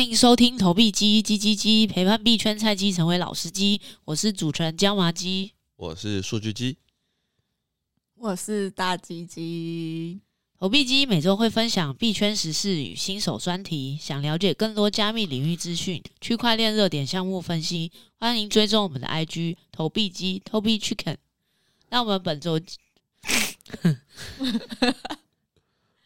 歡迎收聽投幣雞，雞雞雞，陪伴幣圈菜雞成為老司機。我是主持人椒麻雞，我是數據雞，我是大肌雞。投幣雞每週會分享幣圈時事與新手專題，想了解更多加密領域資訊、區塊鏈熱點項目分析，歡迎追蹤我們的 IG 投幣雞 Tobi Chicken。那我們本周。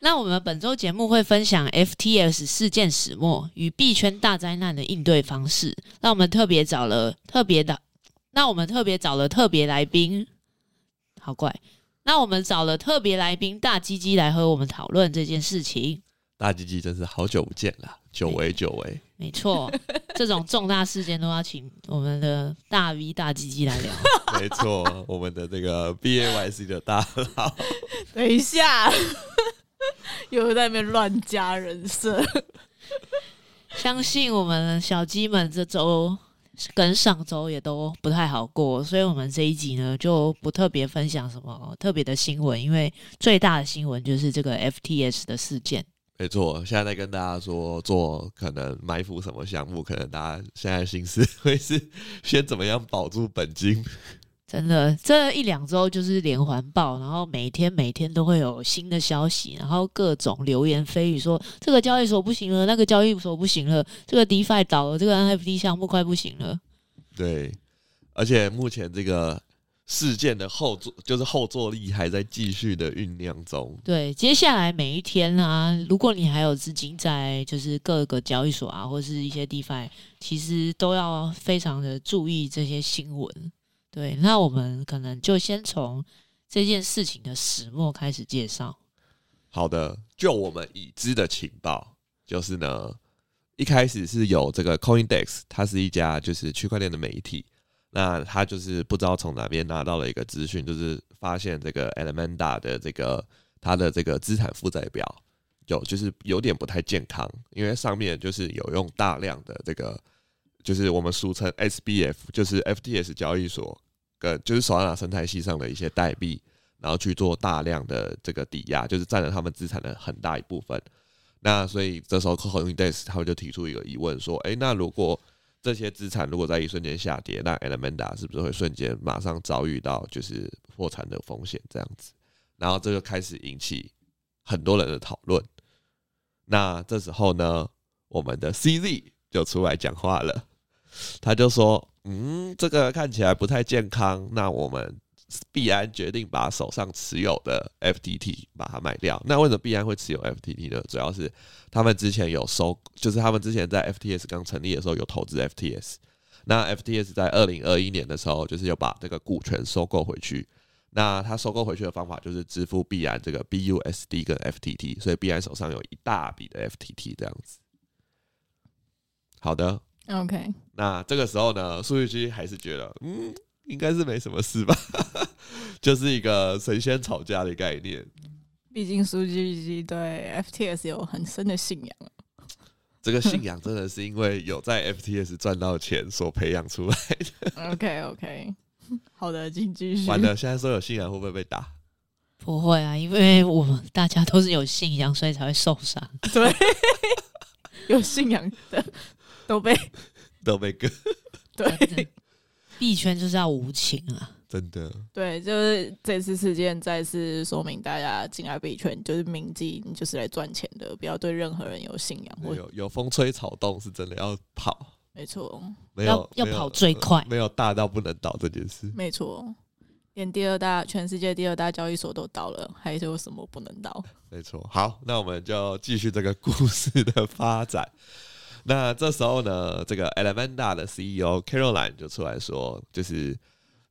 那我們本周節目會分享 FTX 事件始末與幣圈大災難的應對方式。那我們特別找了特別的，那我們特別找了特別來賓，好怪。那我們找了特別來賓大肌雞來和我們討論這件事情。大肌雞真是好久不見了，久違，欸、久違危。沒錯，這種重大事件都要請我們的大 V 大肌雞來聊。 沒錯，我們的這個 B A Y C 的大佬。 等一下。 又在那邊亂加人設， 相信我們小雞們這周跟上周也都不太好過，所以，我們這一集呢就不特別分享什麼特別的新聞，因為最大的新聞就是這個 FTX 的事件。沒錯，現在，在跟大家說做可能埋伏什麼項目，可能大家現在心思會是先怎麼樣保住本金。真的，這一兩周就是連環爆，然後每天每天都會有新的消息，然後各種流言蜚語說這個交易所不行了，那個交易所不行了，這個 DeFi 倒了，這個 NFT 項目快不行了。對，而且目前這個事件的後座，就是後座力還在繼續的醞釀中。對，接下來每一天啊，如果你還有資金在就是各個交易所啊，或者是一些 DeFi，其實都要非常的注意這些新聞。對，那我們可能就先從這件事情的始末開始介紹。好的，就我們已知的情報，就是呢，一開始是有這個 Coindex，它是一家就是區塊鏈的媒體，那它就是不知道從哪邊拿到了一個資訊，就是發現這個 Alameda 的這個它的這個資產負債表有就，就是有點不太健康，因為上面就是有用大量的這個就是我們俗稱 SBF，就是 FTX 交易所，個就是索拉納生態系上的一些代幣，然後去做大量的這個抵押，就是占了他們資產的很大一部分。那所以這時候 CoinDesk 他們就提出一個疑問說：“哎，那如果這些資產如果在一瞬間下跌，那 Alameda 是不是會瞬間馬上遭遇到就是破產的風險？”這樣子，然後這就開始引起很多人的討論。那這時候呢，我們的 CZ 就出來講話了。他就說：“嗯，這個看起來不太健康。那我們幣安決定把手上持有的 FTT 把它賣掉。那為什麼幣安會持有 FTT 呢？主要是他們之前有收，就是他們之前在 FTX 剛成立的時候有投資 FTX。那 FTX 在二零二一年的時候，就是有把這個股權收購回去。那他收購回去的方法就是支付幣安這個 BUSD 跟 FTT，所以幣安手上有一大筆的 FTT 這樣子。好的。” OK，那這個時候呢，數據機還是覺得，嗯，應該是沒什麼事吧， 就是一個神仙吵架的概念。畢竟數據機對 FTX 有很深的信仰啊。這個信仰真的是因為有在 FTX 賺到錢所培養出來的。OK，OK，好的，請繼續。完了，現在說有信仰會不會被打？不會啊，因為我們大家都是有信仰，所以才會受傷。 對， 有信仰的。 都被都被割，對，對，幣圈就是要無情啊！真的，對，就是這次事件再次說明，大家進來幣圈就是銘記，就是，你就是來賺錢的，不要對任何人有信仰。有有風吹草動，是真的要跑，沒錯。沒沒要要跑最快，呃，沒有大到不能倒這件事，沒錯。連第二大全世界第二大交易所都倒了，還是有什麼不能倒？沒錯。好，那我們就繼續這個故事的發展。那這時候呢，這個 Alameda 的 CEO Caroline 就出來說，就是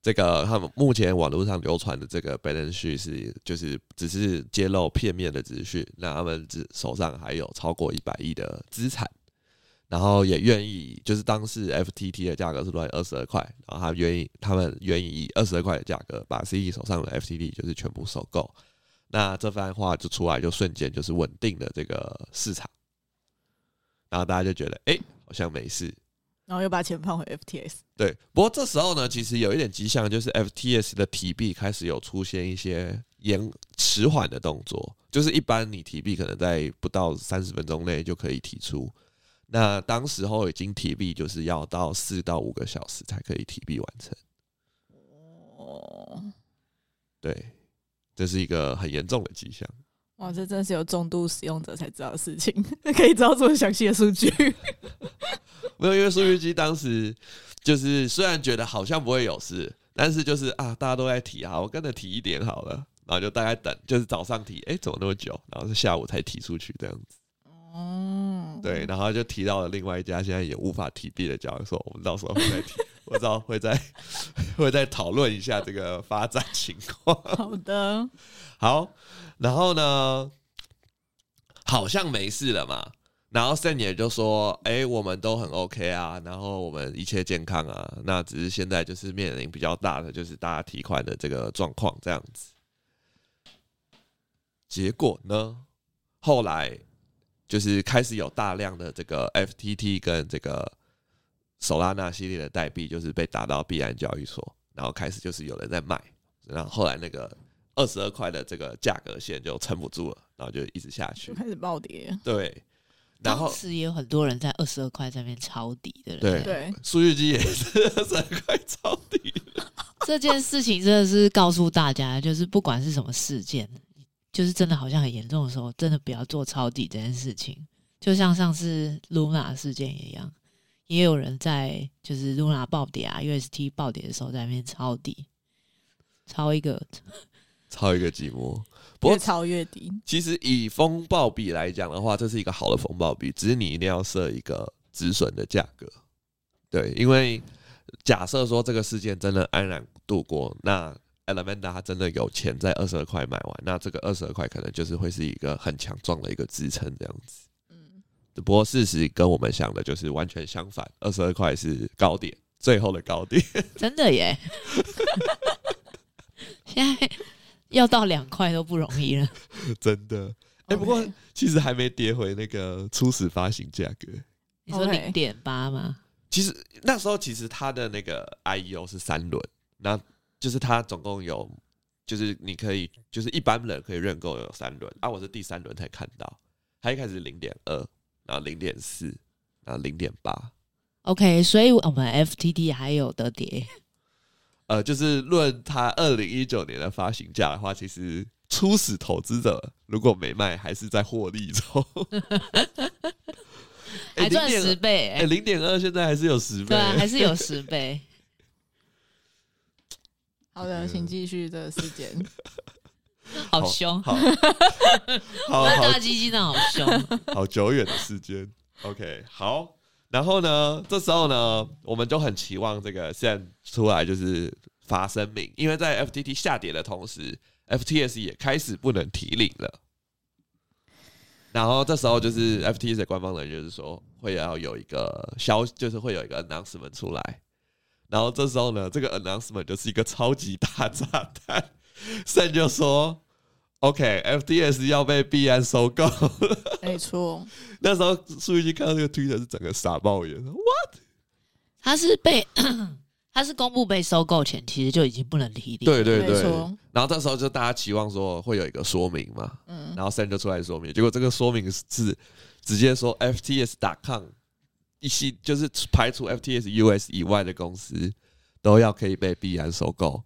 這個他們目前網絡上流傳的這個 balance sheet 是，就是只是揭露片面的資訊。那他們只手上還有超過一百億的資產，然後也願意，就是當時 FTT 的價格是二十二塊，然後他們願意，他們願意以二十二塊的價格把 CE 手上的 FTT 就是全部收購。那這番話就出來，就瞬間就是穩定了這個市場。然後大家就覺得，哎、欸，好像沒事，然後又把錢放回 FTX。對，不過這時候呢，其實有一點跡象，就是 FTX 的提幣開始有出現一些延遲緩的動作，就是一般你提幣可能在不到三十分鐘內就可以提出，那當時候已經提幣就是要到四到五個小時才可以提幣完成。哦，對，這是一個很嚴重的跡象。哦，這真是有重度使用者才知道的事情，可以知道這麼詳細的數據。 沒有，因為數據機當時就是雖然覺得好像不會有事，但是就是啊，大家都在提好，我跟着提一點好了，然後就大概等，就是早上提，哎、欸，怎麼那麼久？然後是下午才提出去這樣子。哦、嗯，對，然後就提到了另外一家，現在也無法提幣的交易所，我們到時候再提。 我知道會再會再討論一下這個發展情況。好的，好，然後呢，好像沒事了嘛。然後 Sam 也就說：“哎、欸，我們都很 OK 啊，然後我們一切健康啊。那只是現在就是面臨比較大的，就是大家提款的這個狀況這樣子。”結果呢，後來就是開始有大量的這個 FTT 跟這個。手拉那系列的代幣就是被打到幣安交易所，然後開始就是有人在賣，然後後來那個二十二塊的這個價格線就撐不住了，然後就一直下去，就開始暴跌。對，然後是也有很多人在二十二塊這邊抄底的人，對，數對據機也是二十二塊抄底。這件事情真的是告訴大家，就是不管是什麼事件，就是真的好像很嚴重的時候，真的不要做抄底這件事情，就像上次 Luna 事件一樣。也有人在就是 Luna 暴跌啊，UST 暴跌的時候在那邊抄底，抄一個，抄一個寂寞，不過越抄越低。其實以風暴比來講的話，這是一個好的風暴比，嗯、只是你一定要設一個止損的價格。對，因為假設說這個事件真的安然度過，那 Alameda 它真的有錢在二十二塊買完，那這個二十二塊可能就是會是一個很強壯的一個支撐，這樣子。只不過事實跟我們想的就是完全相反，二十二塊是高點，最後的高點。真的耶！ 現在要到兩塊都不容易了，真的。哎、欸，Okay. 不過其實還沒跌回那個初始發行價格。你說零點八嗎？Okay. 其實那時候其實它的那個 I E O 是三輪，那就是它總共有，就是你可以，就是一般人可以認購有三輪，而、啊、我是第三輪才看到，它一開始是零點二。然後零點四，然後零點八，OK，所以我們 FTT 還有得跌，呃，就是論他二零一九年的發行價的話，其實初始投資者如果沒賣，還是在獲利中， 還賺十倍，欸，零點二現在還是有十倍，欸，對、啊，還是有十倍。 好的，請繼續的、這個、時間。 好凶，好大肌雞的好凶，好久遠的時間。 OK，好，然後呢，這時候呢，我們就很期望這個線出來就是發聲明，因為在 FTT 下跌的同時，FTX 也開始不能提領了。然後這時候就是 FTX 的官方人就是說會要有一個消息，就是會有一個 announcement 出來。然後這時候呢，這個 announcement 就是一個超級大炸彈。send 就說：“OK，FTX、okay，要被幣安收購。 沒錯”沒錯。那時候，數據看到這個 Twitter 是整個傻爆眼。What？他是被， 他是公布被收購前，其實就已經不能提點。對對對。錯然後這時候就大家期望說會有一個說明嘛。嗯。然後 send 就出來說明，結果這個說明是直接說 FTX.com 一些就是排除 FTX US 以外的公司都要可以被幣安收購。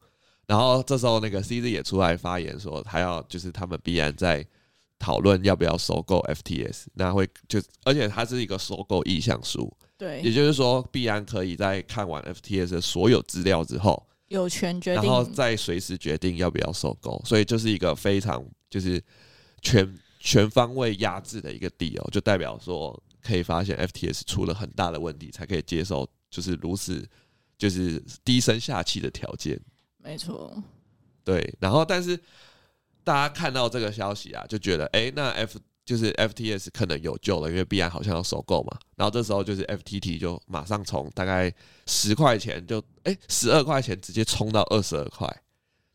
然後這時候，那個 CZ 也出來發言說，他要就是他們必然在討論要不要收購 FTX，那會就而且它是一個收購意向書，對，也就是說必然可以在看完 FTX 的所有資料之後，有權決定，然後再隨時決定要不要收購，所以就是一個非常就是全全方位壓制的一個 deal，就代表說可以發現 FTX 出了很大的問題，才可以接受就是如此就是低聲下氣的條件。沒錯，對，然後但是大家看到這個消息啊，就覺得哎，那 F 就是 FTX 可能有救了，因為幣安好像要收購嘛。然後這時候就是 FTT 就馬上從大概十塊錢就哎十二塊錢直接衝到二十二塊。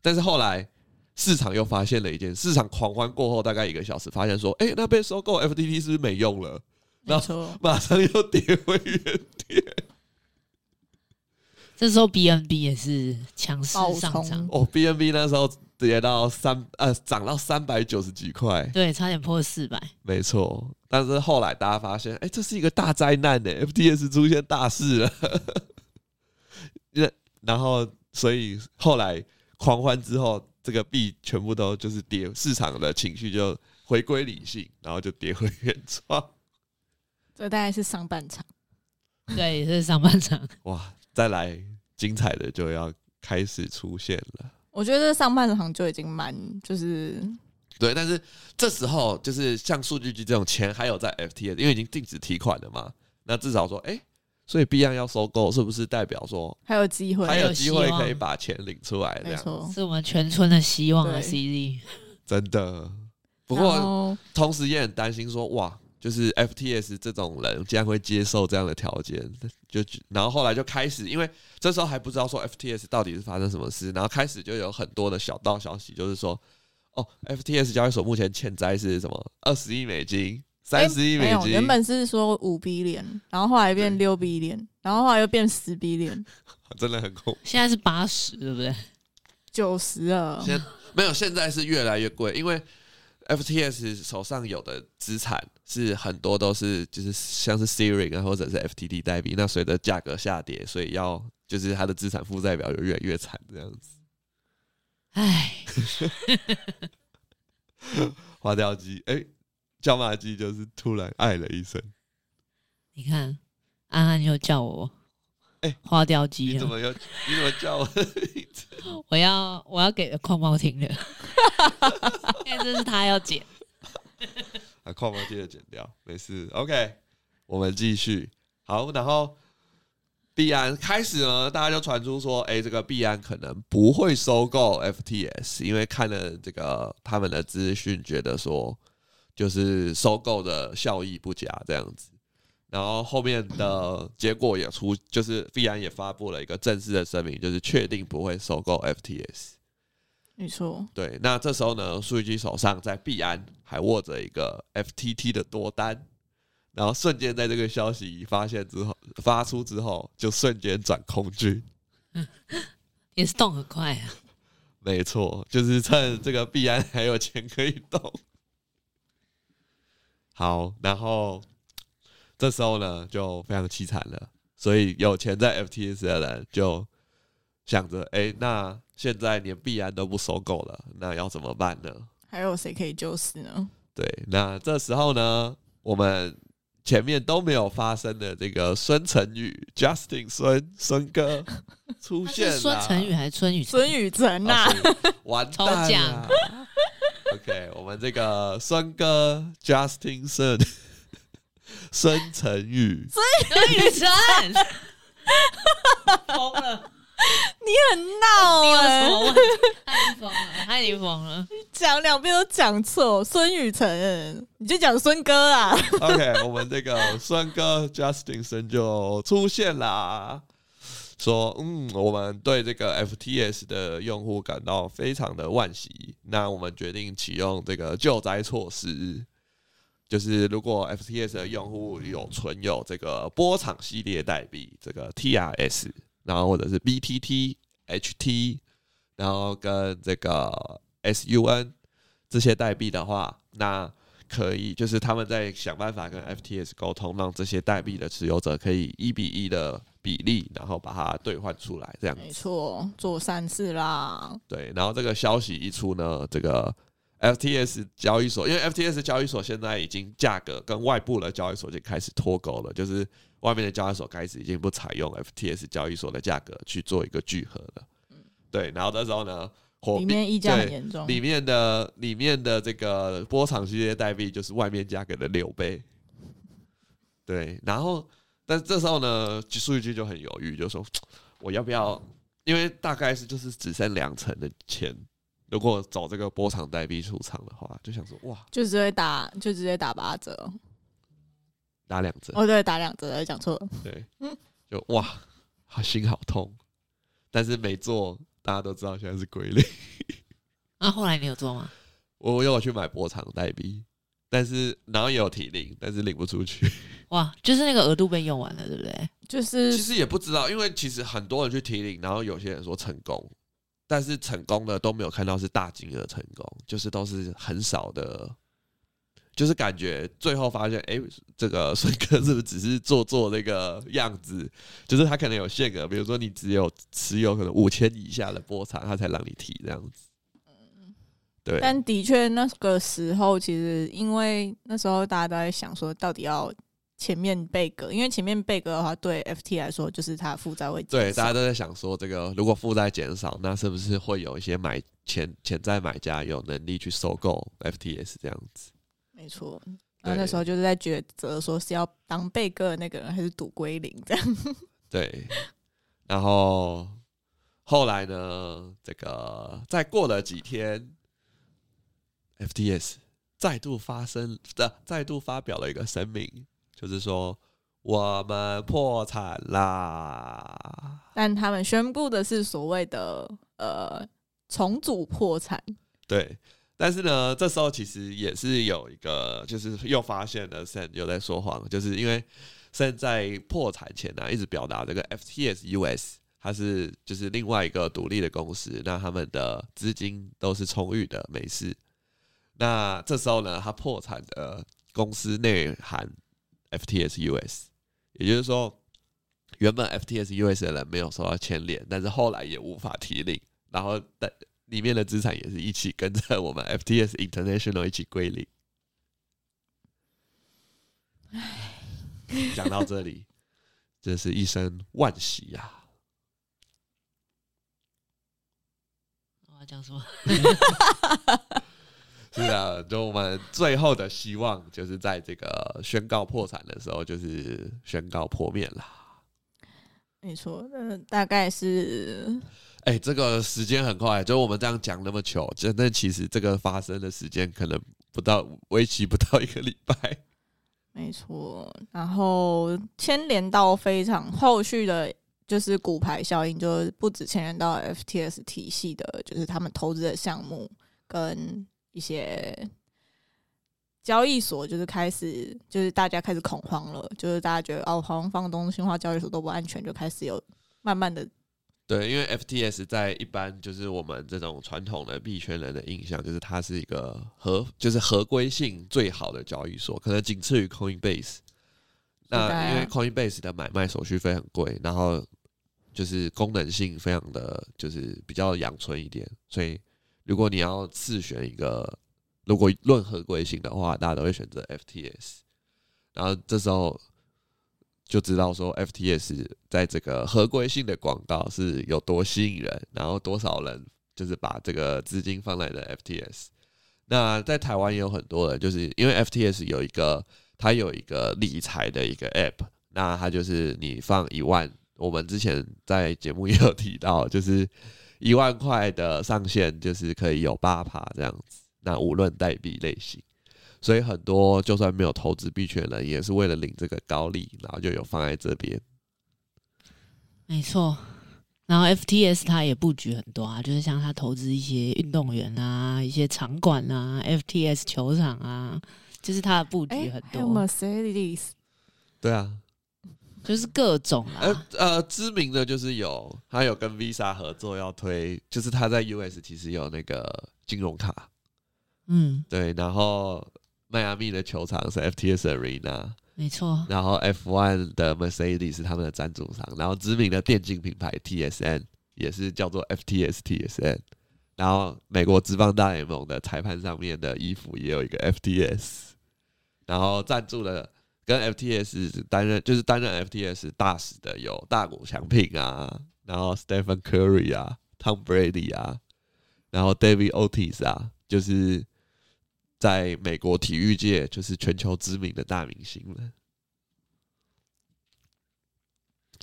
但是後來市場又發現了一件，市場狂歡過後大概一個小時，發現說哎，那被收購 FTT 是不是沒用了？然後馬上又跌回原點。沒錯。 那時候 B N B 也是強勢上漲哦，B N B 那時候跌到三呃漲到三百九十幾塊，對，差點破四百，沒錯。但是後來大家發現，哎、欸，這是一個大災難呢，F T S 出現大事了。那 然後，所以後來狂歡之後，這個幣全部都就是跌，市場的情緒就回歸理性，然後就跌回原狀。這大概是上半場，對，是上半場。 哇，再來！精彩的就要開始出現了。我覺得上半場就已經蠻就是對，但是這時候就是像數據機這種錢還有在 FTS，因為已經禁止提款了嘛。那至少說，哎、欸，所以必 i 要收購，是不是代表說還有機會？還有機會可以把錢領出來這樣？沒錯錯，是我們全村的希望啊 c d 真的，不過同時也很擔心說，哇。就是 FTX 這種人竟然會接受這樣的條件，就然後後來就開始，因為這時候還不知道說 FTX 到底是發生什麼事，然後開始就有很多的小道消息，就是說哦，FTX 交易所目前欠債是什麼二十億美金、三十億美金、欸，原本是說五 billion，然後後來變六 billion，然後後來又變十 billion， 真的很恐怖。現在是八十對不對？九十啊，現沒有，現在是越來越貴，因為。FTX 手上有的資產是很多都是就是像是 s i r i 啊或者是 FTT 代幣，那隨着價格下跌，所以要就是它的資產負債表就越來越慘這樣子。哎唉，花 雕雞，哎、欸，椒麻雞就是突然哎了一聲。你看，安安又叫我。哎，花雕雞？你怎麼要，你怎麼叫我的名字 我？我要我要給礦貓聽了， 因為這是他要剪，把礦貓接着剪掉，沒事，OK，我們繼續。好，然後，幣安開始了，大家就傳出說，哎、欸，這個幣安可能不會收購 FTX，因為看了這個他們的資訊，覺得說，就是收購的效益不佳這樣子。然後後面的結果也出，就是幣安也發布了一個正式的聲明，就是確定不會收購 FTX。沒錯。對，那這時候呢，數據手上在幣安還握着一個 FTT 的多單，然後瞬間在這個消息發現之後發出之後，就瞬間轉空軍，嗯，也是動很快啊。沒錯，就是趁這個幣安還有錢可以動。好，然後。這時候呢，就非常淒慘了。所以有錢在 FTX 的人就想着：哎，那現在連幣安都不收購了，那要怎麼辦呢？還有誰可以救市呢？對，那這時候呢，我們前面都沒有發生的這個孫成宇 Justin 孫孫哥出現了。 孫成宇還是孫宇孫宇晨啊？哦、完蛋抽獎。OK，我們這個孫哥 Justin 孫。孫晨宇，孫宇晨， 瘋了！你很鬧啊、欸？了？ 太瘋了！太瘋了！你講兩遍都講錯，孫宇晨、欸，你就講孫哥啊？OK，我們這個孫哥 Justin Sun 就出現啦，說：“嗯，我們對這個 FTX 的用戶感到非常的惋惜，那我們決定啟用這個救災措施。”就是如果 FTX 的用戶有存有這個波場系列代幣，這個 TRS，然後或者是 BTT、HT，然後跟這個 SUN 這些代幣的話，那可以就是他們在想辦法跟 FTX 溝通，讓這些代幣的持有者可以一比一的比例，然後把它兌換出來，這樣沒錯，做三次啦。對，然後這個消息一出呢，這個。FTS 交易所，因為 FTS 交易所現在已經價格跟外部的交易所就開始脫鈎了，就是外面的交易所開始已經不採用 FTS 交易所的價格去做一個聚合了。嗯、對，然後這時候呢，裡面溢價很嚴重，裡面的裡面的這個波場系列代幣就是外面價格的六倍。對，然後，但這時候呢，數據就很猶豫，就說我要不要？因為大概是就是只剩兩成的錢。如果找這個波場代幣出場的話，就想說哇，就直接打，就直接打八折，打兩折哦，對，打兩折，講錯了，對，對嗯、就哇，好心好痛，但是沒做，大家都知道現在是歸零。那、啊、後來你有做嗎我？我有去買波場代幣，但是然後也有提領，但是領不出去。哇，就是那個額度被用完了，對不對？就是其實也不知道，因為其實很多人去提領，然後有些人說成功。但是成功的都沒有看到是大金額成功，就是都是很少的，就是感覺最後發現，哎、欸，這個帥哥是不是只是做做那個樣子？就是他可能有限額，比如說你只有持有可能五千以下的波長，他才讓你提這樣子。嗯，對。但的確那個時候，其實因為那時候大家都在想說，到底要。前面被割，因為前面被割的話，對 FT 來說就是它負債會減少。對，大家都在想說，這個如果負債減少，那是不是會有一些買潛潛在買家有能力去收購 FTS 這樣子？沒錯，然後那時候就是在抉擇，說是要當被割的那個人，還是賭歸零這樣。對， 然後後來呢，這個再過了幾天，FTS 再度發生的再度發表了一個聲明。就是說，我們破產啦！但他們宣布的是所謂的“呃重組破產”。對，但是呢，這時候其實也是有一個，就是又發現了 Sam 又在說謊，就是因為 Sam 在破產前呢、啊，一直表達這個 FTX US 它是就是另外一個獨立的公司，那他們的資金都是充裕的，沒事。那這時候呢，他破產的公司內含。FTX US，也就是說，原本 FTX US 的人沒有受到牽連，但是後來也無法提領，然後但裡面的資產也是一起跟着我們 FTX International 一起歸零。講唉到這裡，真 是一聲萬喜呀、啊！我要講什麼？ 是的，就我們最後的希望就是在這個宣告破產的時候，就是宣告破滅了。沒錯，那大概是。哎、欸，這個時間很快，就我們這樣講那麼久，真的其實這個發生的時間可能不到為期不到一個禮拜。沒錯，然後牽連到非常後續的，就是骨牌效應，就不只牽連到 FTX 體系的，就是他們投資的項目跟。一些交易所，就是開始，就是大家開始恐慌了，就是大家覺得哦，好像放東西，化交易所都不安全，就開始有慢慢的對。因為 FTS 在一般就是我們這種傳統的幣圈人的印象，就是它是一個合，就是合規性最好的交易所，可能僅次於 Coinbase。那因為 Coinbase 的買賣手續費很貴，然後就是功能性非常的就是比較陽春一點，所以。如果你要自選一個，如果論合規性的話，大家都會選擇 FTX。然後這時候就知道說，FTX 在這個合規性的廣告是有多吸引人，然後多少人就是把這個資金放在了 FTX。那在台灣也有很多人，就是因為 FTX 有一個，它有一個理財的一個 app，那它就是你放一萬，我們之前在節目也有提到，就是。一萬塊的上限就是可以有八趴這樣子，那無論代幣類型，所以很多就算沒有投資幣圈的人也是為了領這個高利，然後就有放在這邊。沒錯，然後 FTX 他也布局很多啊，就是像他投資一些運動員啊、一些場館啊、FTX 球場啊，就是他的布局很多。欸、Mercedes，對啊。就是各種啊、呃，呃，知名的就是有，他有跟 Visa 合作要推，就是他在 US 其實有那個金融卡，嗯，對，然後邁阿密的球場是 FTX Arena，沒錯錯，然後 F1 的 Mercedes 是他們的贊助商，然後知名的電競品牌 TSN 也是叫做 FTX TSN，然後美國職棒大聯盟的裁判上面的衣服也有一個 FTX，然後贊助了。跟 FTX 擔任就是擔任 FTX 大使的有大谷翔平啊，然後 Stephen Curry 啊，Tom Brady 啊，然後 David Ortiz 啊，就是在美國體育界就是全球知名的大明星了，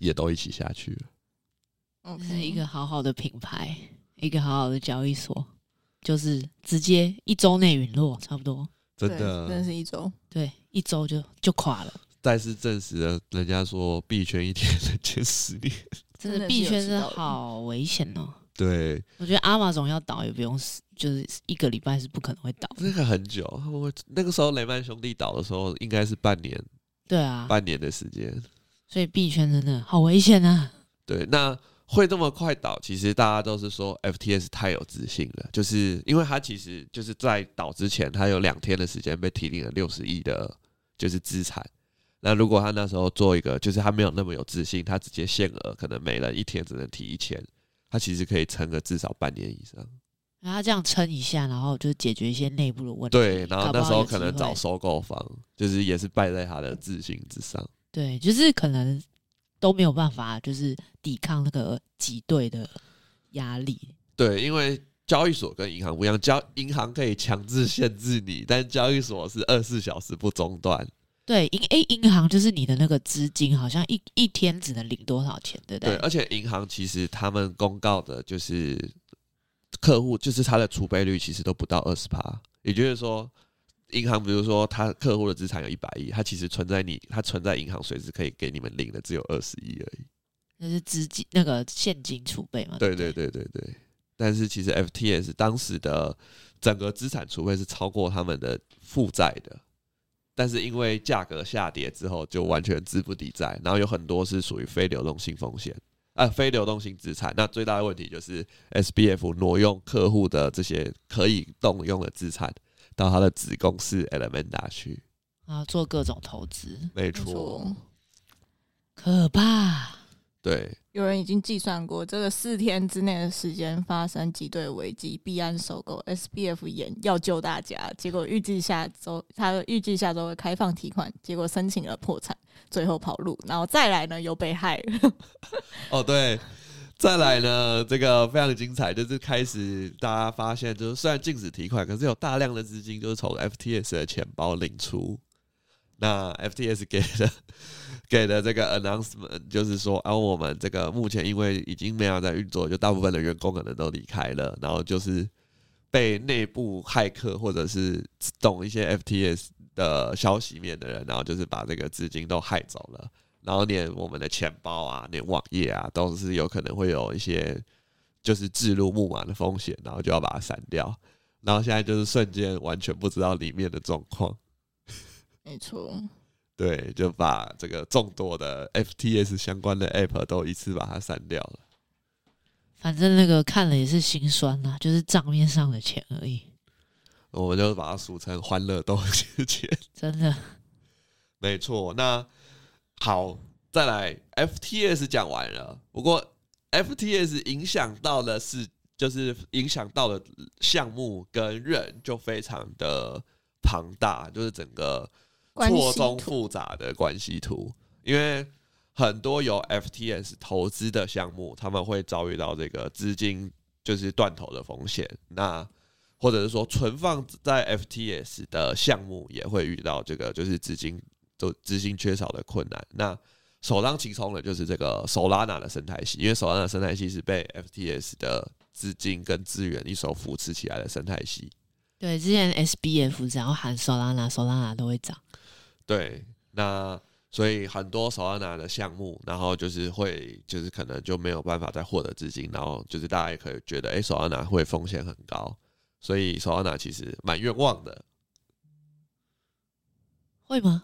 也都一起下去了。嗯，Okay. 是一個好好的品牌，一個好好的交易所，就是直接一周內隕落，差不多。真的，對真的是一周，對，一周就就垮了。但是證實了人家說幣圈一天人間十年，真的幣圈真的好危險哦。對，我覺得阿瑪總要倒也不用死，就是一個禮拜是不可能會倒，那個很久。我那個時候雷曼兄弟倒的時候應該是半年，對啊，半年的時間。所以幣圈真的好危險啊。對，那。會這麼快倒？其實大家都是說 FTX 太有自信了，就是因為他其實就是在倒之前，他有兩天的時間被提領了六十億的，就是資產。那如果他那時候做一個，就是他沒有那麼有自信，他直接限額，可能每人一天只能提一千，他其實可以撐個至少半年以上。那他這樣撐一下，然後就解決一些內部的問題。對，然後那時候可能找收購方，就是也是敗在他的自信之上。對，就是可能。都沒有辦法，就是抵抗那個擠兌的壓力。對，因為交易所跟銀行不一樣，交銀行可以強制限制你，但交易所是二十四小時不中斷。對，銀、欸、誒，銀行就是你的那個資金，好像一一天只能領多少錢，對不對？對，而且銀行其實他們公告的就是客戶，就是它的儲備率其實都不到二十趴，也就是說。銀行比如說，他客戶的資產有一百億，他其實存在你，他存在銀行，隨時可以給你們領的只有二十億而已。那是資金那個現金儲備嗎？對對,對對對對對。但是其實 FTX 當時的整個資產儲備是超過他們的負債的，但是因為價格下跌之後，就完全資不抵債，然後有很多是屬於非流動性風險啊、呃，非流動性資產。那最大的問題就是 SBF 挪用客戶的這些可以動用的資產。到他的子公司 Alameda 去啊，做各種投資，沒錯錯，沒錯可怕。對，有人已經計算過，這個四天之內的時間發生幾對危機幣安收購 SBF 演，要救大家，結果預計下周他預計下周會開放提款，結果申請了破產，最後跑路，然後再來呢又被害了。 哦，對。再來呢，這個非常精彩，就是開始大家發現，就是雖然禁止提款，可是有大量的資金就是從 FTX 的錢包領出。那 FTX 給的給的這個 announcement 就是說，啊，我們這個目前因為已經沒有在運作，就大部分的員工可能都離開了，然後就是被內部駭客或者是懂一些 FTX 的消息面的人，然後就是把這個資金都駭走了。然後連我們的錢包啊，連網頁啊，都是有可能會有一些就是置入木馬的風險，然後就要把它刪掉。然後現在就是瞬間完全不知道裡面的狀況。沒錯，對，就把這個眾多的 FTX 相關的 App 都一次把它刪掉了。反正那個看了也是心酸吶、啊，就是賬面上的錢而已。我們就把它俗稱“歡樂豆”錢，真的沒錯。那。好，再來，FTX 講完了。不過 FTX 影響到的是，就是影響到的項目跟人就非常的龐大，就是整個錯綜複雜的關係圖。圖因為很多由 FTX 投資的項目，他們會遭遇到這個資金就是斷頭的風險。那或者是說，存放在 FTX 的項目也會遇到這個，就是資金。就資金缺少的困難，那首當其衝的就是這個 Solana 的生態系，因為 Solana 生態系是被 FTX 的資金跟資源一手扶持起來的生態系。對，之前 SBF 只要喊 Solana，Solana Sol 都會漲。對，那所以很多 Solana 的項目，然後就是會，就是可能就沒有辦法再獲得資金，然後就是大家也可以覺得，哎、欸、，Solana 會風險很高，所以 Solana 其實蠻冤枉的。會嗎？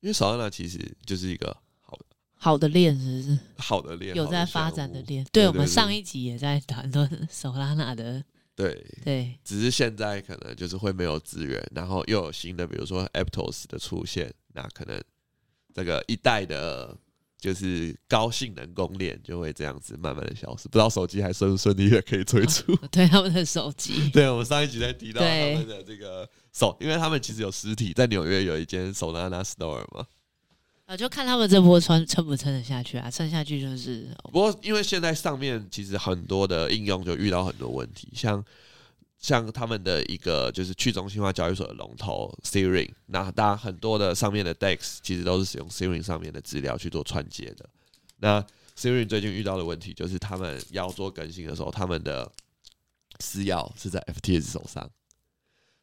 因為 Solana 其實就是一個好的好的鏈，是不是？好的鏈，有在發展的鏈。對，對我們上一集也在談論 Solana 的。對對，對只是現在可能就是會沒有資源，然後又有新的，比如說 Aptos 的出現，那可能這個一代的。就是高性能攻鏈就會這樣子慢慢的消失，不知道手機還順不順利也可以推出。啊？對他們的手機，對我們上一集在提到他們的這個手，對因為他們其實有實體，在紐約有一間手拿拿 store 嘛，啊、呃，就看他們這波穿撐不撐得下去啊，撐下去就是。不過因為現在上面其實很多的應用就遇到很多問題，像。像他們的一個就是去中心化交易所的龍頭 Serum 那當然很多的上面的 DEX 其實都是使用 Serum 上面的資料去做串接的。那 Serum 最近遇到的問題就是，他們要做更新的時候，他們的私鑰是在 FTS 手上，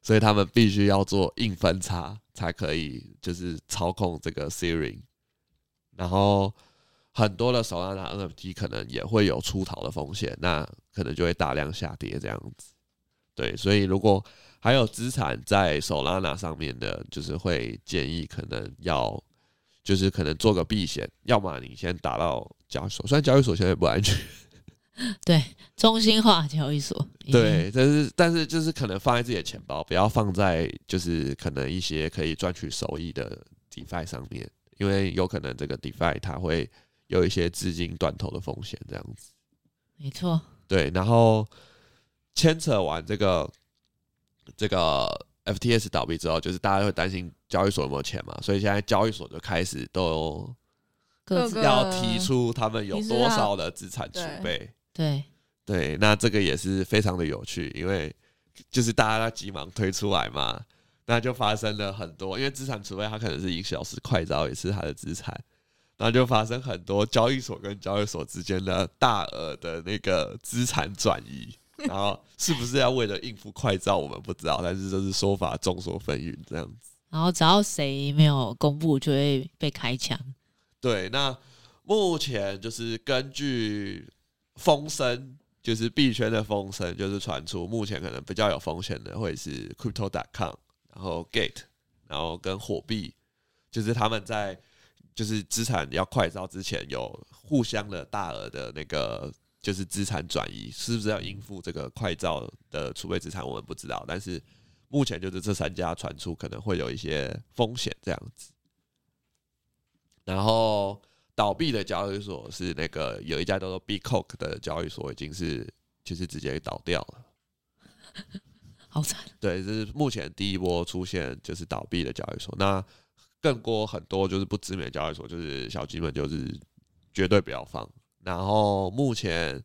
所以他們必須要做硬分叉才可以，就是操控這個 Serum 然後很多的手上拿 NFT 可能也會有出逃的風險，那可能就會大量下跌這樣子。對，所以如果還有資產在 Solana 上面的，就是會建議可能要，就是可能做個避險，要麼你先打到交易所，雖然交易所現在不安全。對，中心化交易所。 對，但是但是就是可能放在自己的錢包，不要放在就是可能一些可以賺取收益的 DeFi 上面，因為有可能這個 DeFi 它會有一些資金斷頭的風險，這樣子。沒錯。對，然後。牽扯完這個這個 FTX 倒閉之後，就是大家會擔心交易所有沒有錢嘛？所以現在交易所就開始都要提出他們有多少的資產儲備。個個對對，對，那這個也是非常的有趣，因為就是大家都急忙推出來嘛，那就發生了很多。因為資產儲備它可能是一個小時快照，也是它的資產，然後就發生很多交易所跟交易所之間的大額的那個資產轉移。 然後是不是要為了應付快照，我們不知道， 但是就是說法眾說紛紜這樣子。然後只要誰沒有公布，就會被開槍。對，那目前就是根據風聲，就是幣圈的風聲，就是傳出目前可能比較有風險的，會是 Crypto.com，然後 Gate，然後跟火幣，就是他們在就是資產要快照之前有互相的大額的那個。就是資產轉移，是不是要應付這個快照的儲備資產？我們不知道。但是目前就是這三家傳出可能會有一些風險這樣子。然後倒閉的交易所是那個有一家叫做 BCoke 的交易所，已經是就是直接倒掉了，好慘。對，這、就是目前第一波出現就是倒閉的交易所。那更多很多就是不知名的交易所，就是小雞們就是絕對不要放。然後目前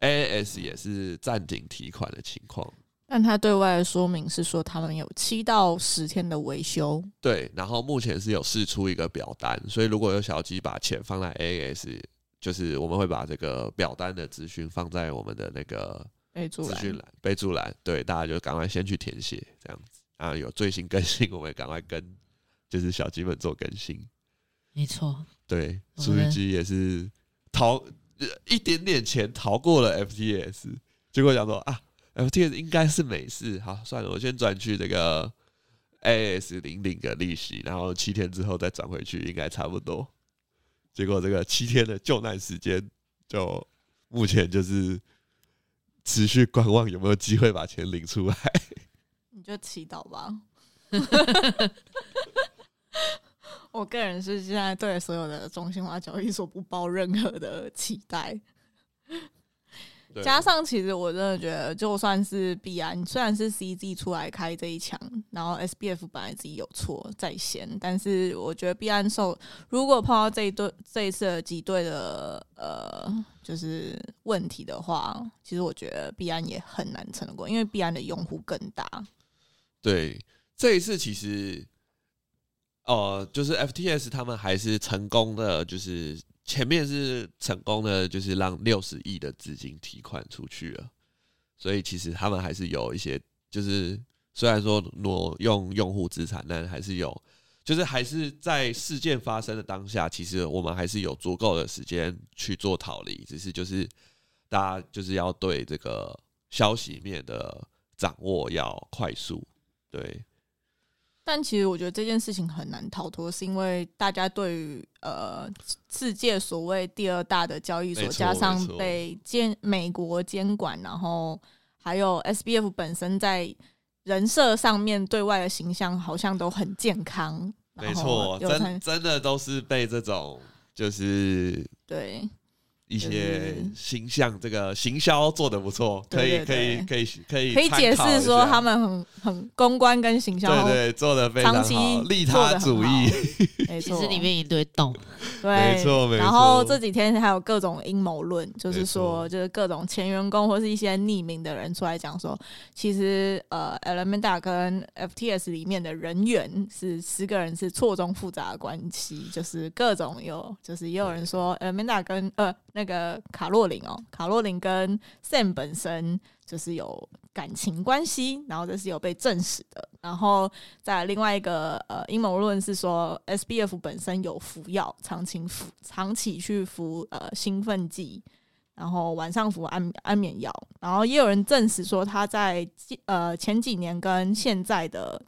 A S 也是暫停提款的情況，但他對外的說明是說他們有七到十天的維修。對，然後目前是有試出一個表單，所以如果有小雞把錢放在 A S，就是我們會把這個表單的資訊放在我們的那個備註欄，備註欄對，大家就趕快先去填寫這樣子啊，然後有最新更新我們也趕快跟就是小雞們做更新，沒錯，對，我們 數據機也是。逃、呃、一點點錢逃過了 FTX，結果講說啊，FTX 應該是沒事，好，算了，我先轉去這個 AS 零零的利息，然後七天之後再轉回去，應該差不多。結果這個七天的救難時間，就目前就是持續觀望有沒有機會把錢領出來，你就祈禱吧。 我個人是現在對所有的中心化交易所不抱任何的期待。加上，其實我真的覺得，就算是幣安，雖然是 CZ 出來開這一槍，然後 SBF 本來自己有錯在先，但是我覺得幣安受如果碰到這一隊這一次的擠兌的呃，就是問題的話，其實我覺得幣安也很難撐得過，因為幣安的用戶更大。對，這一次其實。哦、呃，就是 FTX 他們還是成功的，就是前面是成功的，就是讓六十億的資金提款出去了，所以其實他們還是有一些，就是雖然說挪用用戶資產，但還是有，就是還是在事件發生的當下，其實我們還是有足夠的時間去做逃離，只是就是大家就是要對這個消息面的掌握要快速，對。但其實我覺得這件事情很難逃脫，是因為大家對於呃世界所謂第二大的交易所，錯加上被監美國監管，然後還有 S B F 本身在人設上面對外的形象好像都很健康，沒錯錯，真真的都是被這種就是對。一些形象，就是、這個行銷做的不錯，可以可以可以可以可以解釋說他們很很公關跟行銷，對，對對，做的非常好，利他主義，沒錯，其實裡面一堆洞，沒錯沒錯。然後這幾天還有各種陰謀論，就是說就是各種前員工或是一些匿名的人出來講說，其實呃，Alameda 跟 FTX 裡面的人員是十個人是錯綜複雜的關係， 就是各種有，就是也有人說 Alameda 跟呃。那個卡洛琳哦，卡洛琳跟 Sam 本身就是有感情關係，然後這是有被證實的。然後在另外一個呃陰謀論是說，SBF 本身有服藥，長期服長期去服呃興奮劑，然後晚上服安眠安眠藥。然後也有人證實說他在呃前幾年跟現在的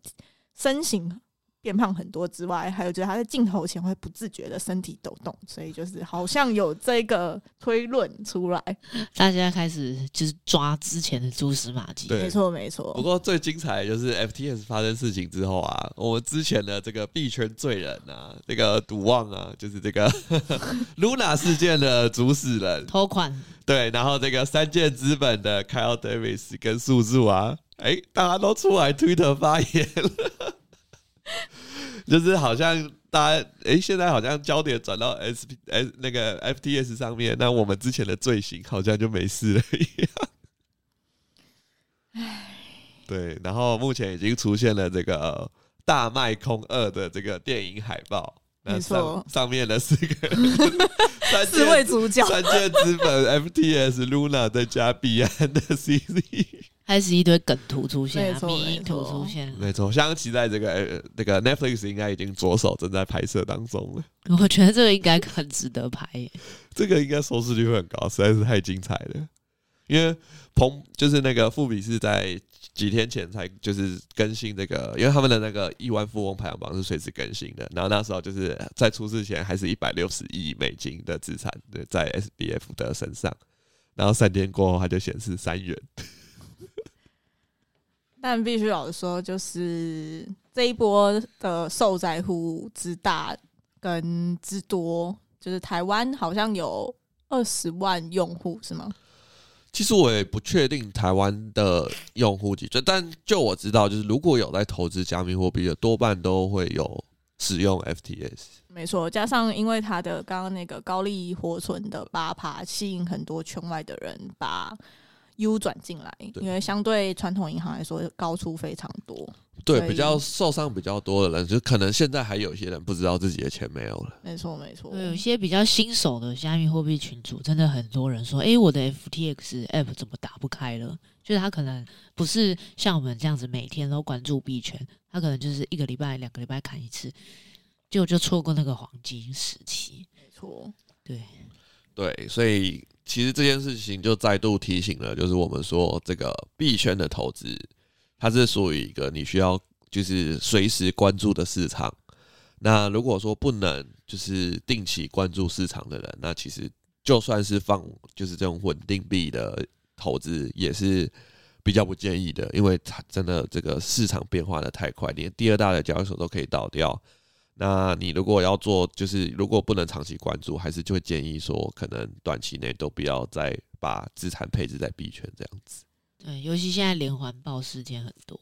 身形，變胖很多之外，還有覺得他在鏡頭前會不自覺的身體抖動，所以就是好像有這個推論出來。大家開始就是抓之前的蛛絲馬跡。對，沒錯沒錯。不過最精彩的就是 FTX 發生事情之後啊，我們之前的這個幣圈罪人啊，這個賭王啊，就是這個呵呵 Luna 事件的主使人 Do Kwon，對，然後這個三箭資本的 Kyle Davies 跟 Su Zhu 啊，大家都出來 Twitter 發言了。就是好像，大家誒、欸，現在好像焦點轉到 SPS 那個 FTX 上面，那我們之前的罪行好像就沒事了一樣。唉對，然後目前已經出現了這個大賣空二的這個電影海報，你說那上上面的四個三 四位主角，三箭資本 FTX Luna 再加幣安的 CZ。還是一堆梗圖出現，啊，迷因錯圖出現，啊沒錯，沒錯。像其實在這個那、欸這個 Netflix 應該已經着手正在拍攝當中了。我覺得這個應該很值得拍， 這個應該收視率會很高，實在是太精彩了。因為彭就是那個富比士在幾天前才就是更新這個，因為他們的那個億萬富翁排行榜是隨時更新的。然後那時候就是在出事前還是一百六十億美金的資產對在 SBF 的身上，然後三天過後他就顯示三元。但必須老實說，就是這一波的受災戶之大跟之多，就是台灣好像有二十萬用戶，是嗎？其實我也不確定台灣的用戶幾多，但就我知道，就是如果有在投資加密貨幣的，多半都會有使用 FTX。沒錯，加上因為它的剛剛那個高利活存的八趴，吸引很多圈外的人把。U 轉進來，對因為相對傳統銀行來說高出非常多。對，以比較受傷比較多的人，就可能現在還有些人不知道自己的錢沒有了。沒錯，沒錯。有些比較新手的加密貨幣群組，真的很多人說：“哎、欸，我的 FTX app 怎麼打不開了？”就是他可能不是像我們這樣子每天都關注幣圈，他可能就是一個禮拜、兩個禮拜看一次，結果就就錯過那個黃金時期。沒錯錯，對對，所以。其實這件事情就再度提醒了，就是我們說這個幣圈的投資，它是屬於一個你需要就是隨時關注的市場。那如果說不能就是定期關注市場的人，那其實就算是放就是這種穩定幣的投資，也是比較不建議的，因為它真的這個市場變化的太快，連第二大的交易所都可以倒掉。那你如果要做，就是如果不能長期關注，還是就會建議說，可能短期內都不要再把資產配置在幣圈這樣子。對，尤其現在連環爆事件很多，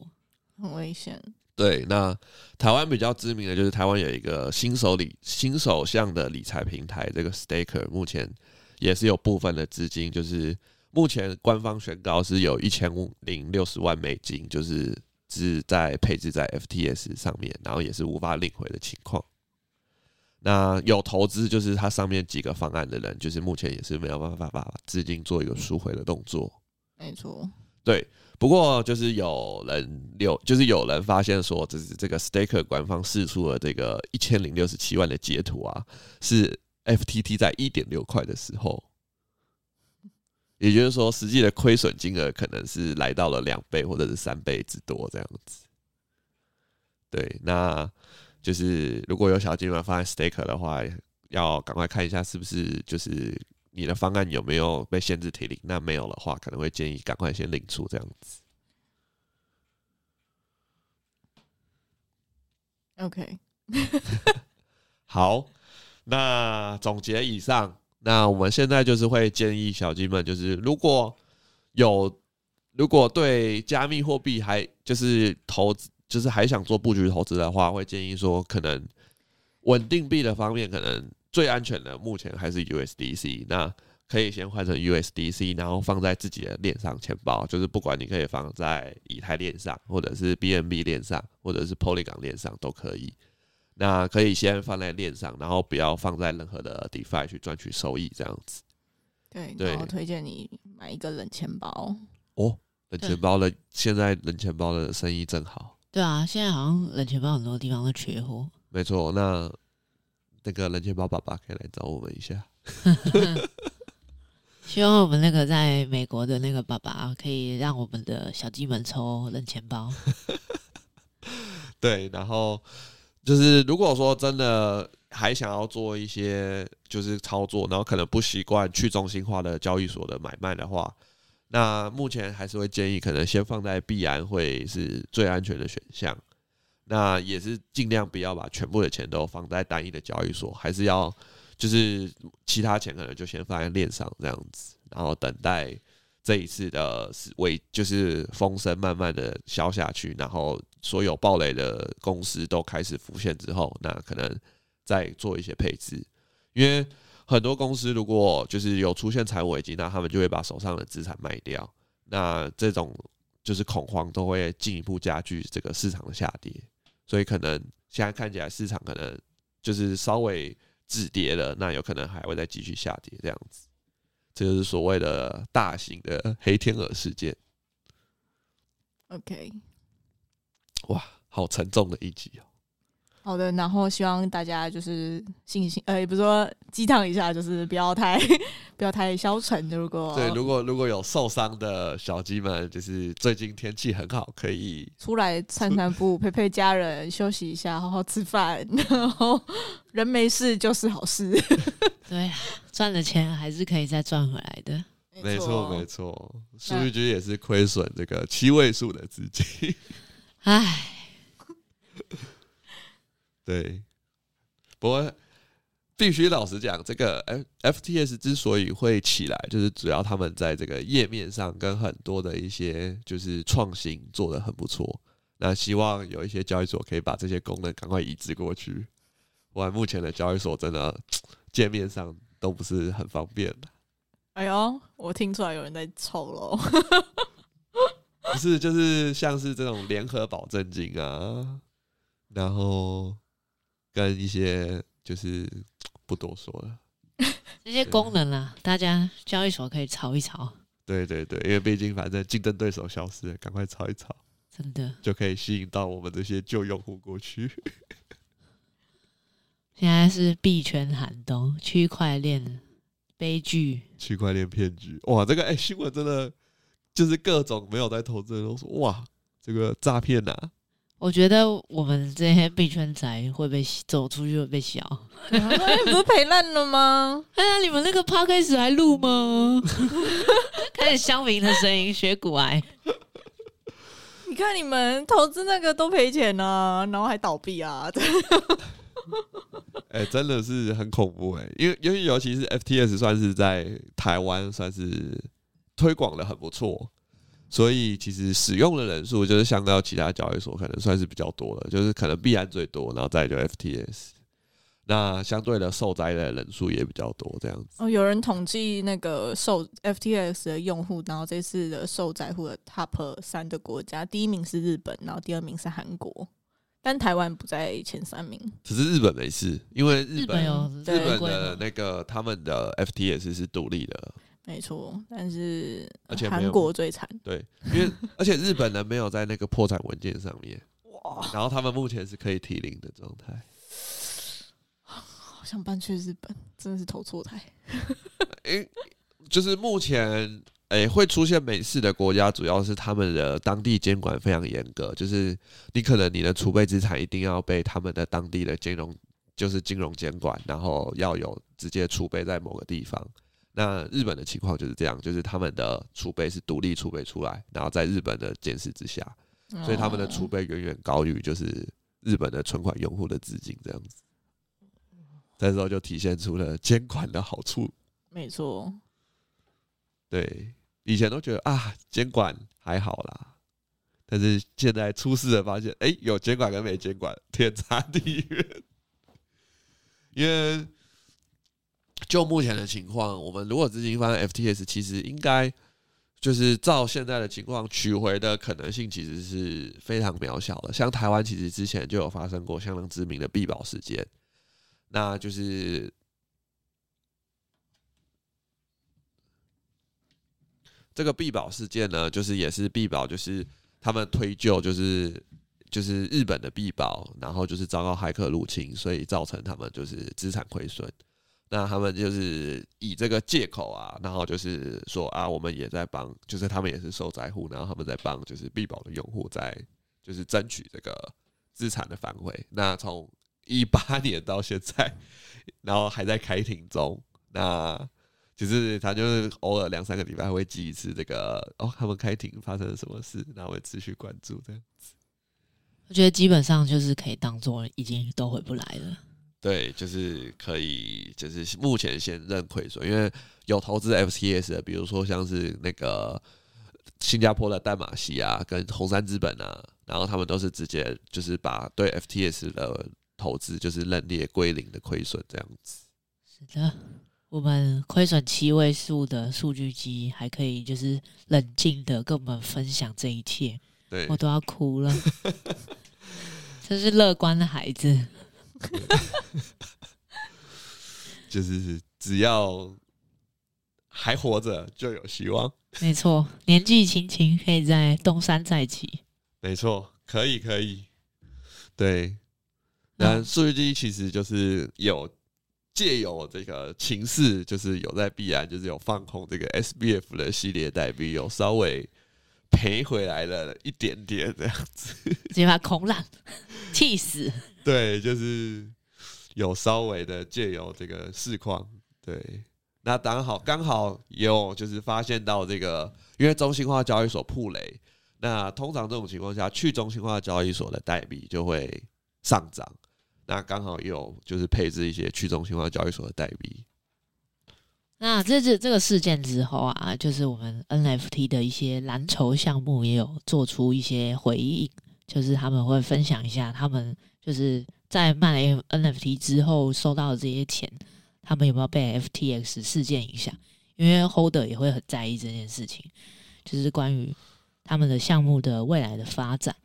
很危險。對，那台灣比較知名的就是台灣有一個新手理新手向的理財平台，這個 Staker 目前也是有部分的資金，就是目前官方宣告是有一千零六十萬美金，就是。是在配置在 FTX 上面，然後也是無法領回的情況。那有投資就是它上面幾個方案的人，就是目前也是沒有辦法把資金做一個贖回的動作。沒錯錯，對。不過就是有人六，就是有人發現說，這是這個 Staker 官方釋出了這個一千零六十七萬的截圖啊，是 FTT 在一點六塊的時候。也就是說，實際的虧損金額可能是來到了兩倍或者是三倍之多這樣子。對，那就是如果有小金額放在 staker 的話，要趕快看一下是不是就是你的方案有沒有被限制提領。那沒有的話，可能會建議趕快先領出這樣子。OK， 好，那總結以上。那我們現在就是會建議小雞們，就是如果有，如果對加密貨幣還就是投資，就是還想做布局投資的話，會建議說，可能穩定幣的方面可能最安全的目前還是 USDC，那可以先換成 USDC，然後放在自己的鏈上錢包，就是不管你可以放在以太鏈上，或者是 BNB 鏈上，或者是 Polygon 鏈上都可以。那可以先放在鏈上，然後不要放在任何的 DeFi 去賺取收益，這樣子。對，然後我推薦你買一個冷錢包。哦，冷錢包的對現在冷錢包的生意正好。對啊，現在好像冷錢包很多地方都缺貨。沒錯，那那個冷錢包爸爸可以來找我們一下。 希望我們那個在美國的那個爸爸可以讓我們的小雞們抽冷錢包。 對，然後。就是如果說真的還想要做一些就是操作，然後可能不習慣去中心化的交易所的買賣的話，那目前還是會建議可能先放在幣安會是最安全的選項。那也是盡量不要把全部的錢都放在單一的交易所，還是要就是其他錢可能就先放在鏈上這樣子，然後等待這一次的尾就是風聲慢慢的消下去，然後。所有暴雷的公司都開始浮現之後，那可能再做一些配置，因為很多公司如果就是有出現財務危機，那他們就會把手上的資產賣掉，那這種就是恐慌都會進一步加劇這個市場的下跌，所以可能現在看起來市場可能就是稍微止跌了，那有可能還會再繼續下跌這樣子，這就是所謂的大型的黑天鵝事件。OK。哇，好沉重的一集哦！好的，然後希望大家就是信心，呃，也不是說雞湯一下，就是不要太不要太消沉。如果對，如果如果有受傷的小雞們，就是最近天氣很好，可以出來散散步，出 陪陪家人， 休息一下，好好吃飯，然後人沒事就是好事。 對，賺了錢還是可以再賺回來的。沒錯，沒錯，數據也是虧損這個七位數的資金。哎，唉 對，不過必須老實講，這個 FTX 之所以會起來，就是主要他們在這個頁面上跟很多的一些就是創新做得很不錯。那希望有一些交易所可以把這些功能趕快移植過去。我目前的交易所真的界面上都不是很方便。哎呦，我聽出來有人在抽嘍。 不是，就是像是這種聯合保證金啊，然後跟一些就是不多說了，這些功能啊，大家交易所可以炒一炒。對對對，因為畢竟反正競爭對手消失了，趕快炒一炒，真的就可以吸引到我們這些舊用戶過去。 現在是幣圈寒冬，區塊鏈悲劇，區塊鏈騙局，哇，這個哎、欸、新聞真的。就是各種，沒有在投資都說，哇，這個詐騙吶！我覺得我們這些幣圈仔會被洗走出去會被洗笑、， 啊，你不是賠爛了嗎？哎呀，你們那個 podcast 還錄嗎？開始鄉民的聲音學股癌， 你看你們投資那個都賠錢啊，然後還倒閉啊！哎 、欸，真的是很恐怖哎、欸，因為尤其尤其是 FTX 算是在台灣算是。推廣的很不錯，所以其實使用的人數就是相較其他交易所，可能算是比較多的，就是可能幣安最多，然後再就 FTX，那相對的受災的人數也比較多。這樣子哦，有人統計那個受 FTX 的用戶，然後這次的受災戶的 Top 三的國家，第一名是日本，然後第二名是韓國，但台灣不在前三名。只是日本沒事，因為日本，日本有日本的那個他們的 FTX 是獨立的。對沒錯，但是韓國最慘，對，因為而且日本人沒有在那個破產文件上面哇， 然後他們目前是可以提領的狀態。好想搬去日本，真的是投錯胎。誒、 欸，就是目前誒、欸、會出現美式的國家，主要是他們的當地監管非常嚴格，就是你可能你的儲備資產一定要被他們的當地的金融就是金融監管，然後要有直接儲備在某個地方。那日本的情況就是這樣，就是他們的儲備是獨立儲備出來，然後在日本的監視之下，所以他們的儲備遠遠高於就是日本的存款用戶的資金這樣子。那、嗯、時候就體現出了監管的好處，沒錯錯。對，以前都覺得啊，監管還好啦，但是現在出事了，發現哎、欸，有監管跟沒監管天差地遠， 因為。就目前的情況，我們如果資金方 FTX 其實應該就是照現在的情況取回的可能性，其實是非常渺小的。像台灣，其實之前就有發生過相當知名的幣寶事件，那就是這個幣寶事件呢，就是也是幣寶，就是他們推就就是就是日本的幣寶，然後就是遭到駭客入侵，所以造成他們就是資產虧損。那他們就是以這個借口啊，然後就是說啊，我們也在幫，就是他們也是受災戶，然後他們在幫，就是必保的用戶在就是爭取這個資產的返回。那從一八年到現在，然後還在開庭中。那就是他就是偶爾兩三個禮拜會記一次這個哦，他們開庭發生了什麼事，然後會持續關注這樣子。我覺得基本上就是可以當做已經都回不來了。對，就是可以，就是目前先認虧損，因為有投資 FTX 的，比如說像是那個新加坡的淡馬錫啊，跟紅杉資本啊，然後他們都是直接就是把對 FTX 的投資就是認列歸零的虧損這樣子。是的，我們虧損七位數的大肌雞還可以，就是冷靜的跟我們分享這一切，對我都要哭了， 這是樂觀的孩子。 就是只要還活着就有希望。沒錯，年紀輕輕可以在東山再起。沒錯，可以可以。對，但大肌雞其實就是有藉由這個情勢，就是有在必然，就是有放空這個 SBF 的系列代幣，有稍微賠回來了一點點這樣子，直 接把他空爛氣死。對，就是有稍微的借由這個市況，對，那當然好剛好，剛好也有就是發現到這個，因為中心化交易所爆雷，那通常這種情況下去中心化交易所的代幣就會上漲，那剛好也有就是配置一些去中心化交易所的代幣。那這次這個事件之後啊，就是我們 NFT 的一些藍籌項目也有做出一些回應。就是他們會分享一下，他們就是在賣 NFT 之後收到的這些錢，他們有沒有被 FTX 事件影響？因為 Holder 也會很在意這件事情，就是關於他們的項目的未來的發展。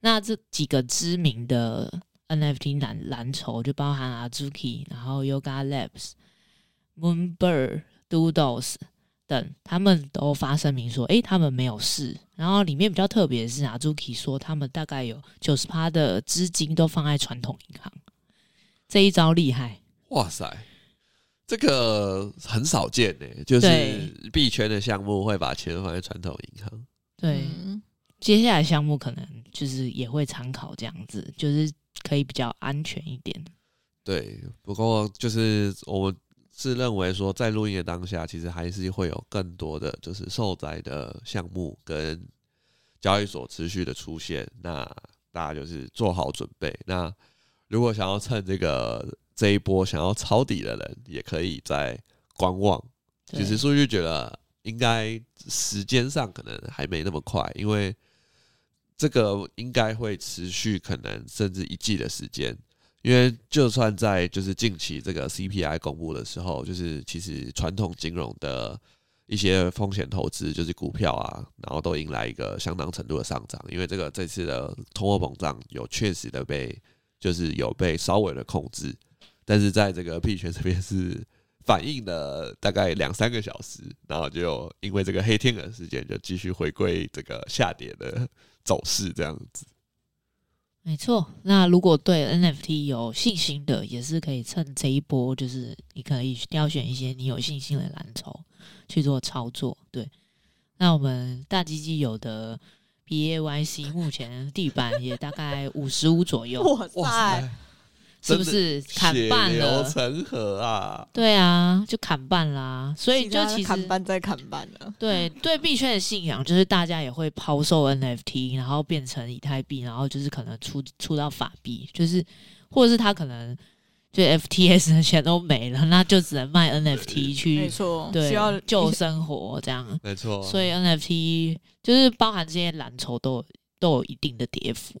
那這幾個知名的 NFT 藍藍籌就包含 Azuki，然後 Yuga Labs、Moonbird、Doodles。等他們都發聲明說，哎、欸，他們沒有事。然後裡面比較特別的是 Azuki 說他們大概有九十趴的資金都放在傳統銀行，這一招厲害。哇塞，這個很少見呢，欸，就是幣圈的項目會把錢放在傳統銀行。對，嗯，接下來項目可能就是也會參考這樣子，就是可以比較安全一點。對，不過就是我們。是認為說，在錄音的當下，其實還是會有更多的就是受災的項目跟交易所持續的出現，那大家就是做好準備。那如果想要趁這個這一波想要抄底的人，也可以再觀望。其實數據覺得，應該時間上可能還沒那麼快，因為這個應該會持續，可能甚至一季的時間。因為就算在就是近期這個 CPI 公布的時候，就是其實傳統金融的一些風險投資，就是股票啊，然後都迎來一個相當程度的上漲。因為這個這次的通貨膨脹有確實的被就是有被稍微的控制，但是在這個幣圈這邊是反應了大概兩三個小時，然後就因為這個黑天鵝事件就繼續回歸這個下跌的走勢，這樣子。沒錯，那如果對 NFT 有信心的，也是可以趁這一波，就是你可以挑選一些你有信心的藍籌去做操作。對，那我們大肌雞有的 BAYC 目前地板也大概五十五左右， 哇塞。是不是砍半了成盒啊？對啊，就砍半啦、啊。所以就其實其砍半再砍半了。對對，幣圈的信仰就是大家也會拋售 NFT，然後變成以太幣，然後就是可能出出到法幣，就是或者是他可能就 FTX 的錢都沒了，那就只能賣 NFT 去， 沒錯錯，對需要救生活這樣，沒錯、啊。所以 NFT 就是包含這些藍籌都有都有一定的跌幅。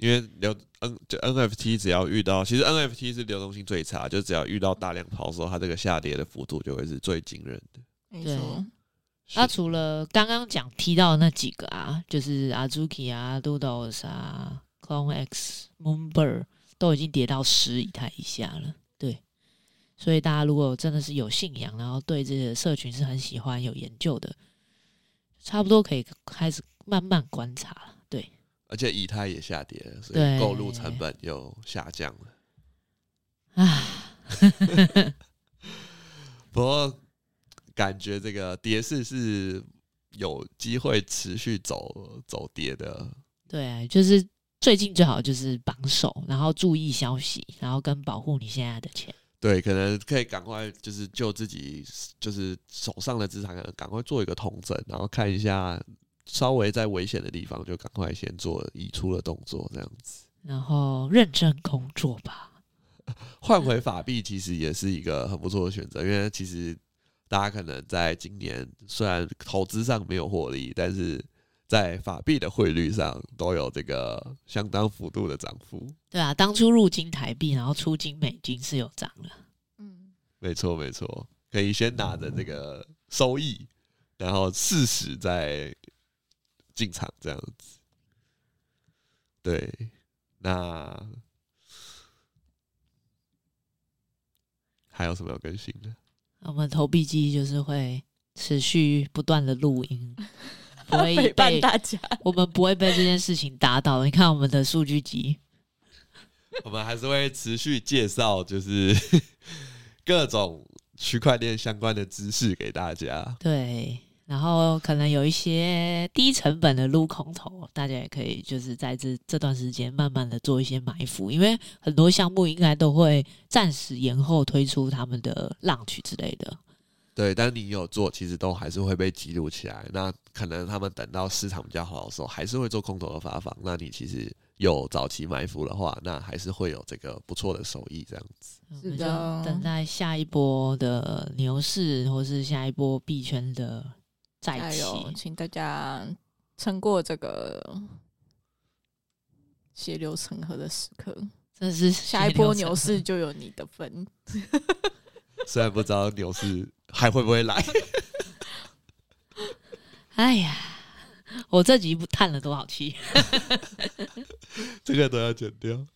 因為流 N 就 NFT 只要遇到，其實 NFT 是流動性最差，就只要遇到大量拋售，它這個下跌的幅度就會是最驚人的。對錯，它是、啊、除了剛剛講提到的那幾個啊，就是 Azuki 啊、Doodles 啊、CloneX、Moonbirds 都已經跌到十以太以下了。對，所以大家如果真的是有信仰，然後對這些社群是很喜歡、有研究的，差不多可以開始慢慢觀察了。對。而且以太也下跌了，所以購入成本又下降了。啊， 不過感覺這個跌勢是有機會持續走走跌的。對啊，就是最近最好就是防守，然後注意消息，然後跟保護你現在的錢。對，可能可以趕快就是就自己，就是手上的資產，趕快做一個統整，然後看一下。稍微在危險的地方，就趕快先做移出的動作，這樣子。然後認真工作吧。換 回法幣其實也是一個很不錯的選擇，嗯、因為其實大家可能在今年雖然投資上沒有獲利，但是在法幣的匯率上都有這個相當幅度的漲幅。對啊，當初入金台幣，然後出金美金是有漲的、嗯。嗯，沒錯沒錯，可以先拿着這個收益，嗯、然後適時再。進場這樣子，對。那還有什麼要更新的？我們投幣雞就是會持續不斷的錄音，不會被 陪伴大家。 我們不會被這件事情打倒。 你看我們的數據集，我們還是會持續介紹，就是 各種區塊鏈相關的知識給大家。對。然後可能有一些低成本的擼空投。大家也可以就是在這這段時間慢慢的做一些埋伏，因為很多項目應該都會暫時延後推出他們的 launch 之類的。對，但你有做，其實都還是會被記錄起來。那可能他們等到市場比較好的時候，還是會做空投的發放。那你其實有早期埋伏的話，那還是會有這個不錯的收益。這樣子，是的。嗯，就等待下一波的牛市，或是下一波幣圈的。哎呦，請大家撐過這個血流成河的時刻，這是下一波牛市就有你的份。 雖然不知道牛市還會不會來。 哎呀，我這集不嘆了多少氣， 這個都要剪掉。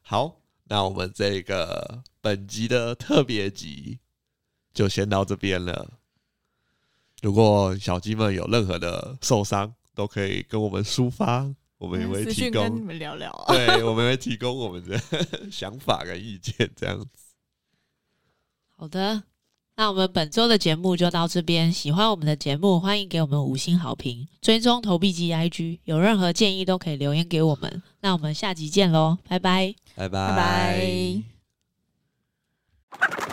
好，那我們這個本集的特別集就先到這邊了。如果小雞們有任何的受傷，都可以跟我們抒發，我們也會提供、嗯、跟你們聊聊。啊，對，我們會提供我們的 想法跟意見，這樣子。好的，那我們本周的節目就到這邊。喜歡我們的節目，歡迎給我們五星好評，追蹤投幣雞 IG。有任何建議都可以留言給我們。那我們下集見嘍，拜拜，拜拜拜。拜拜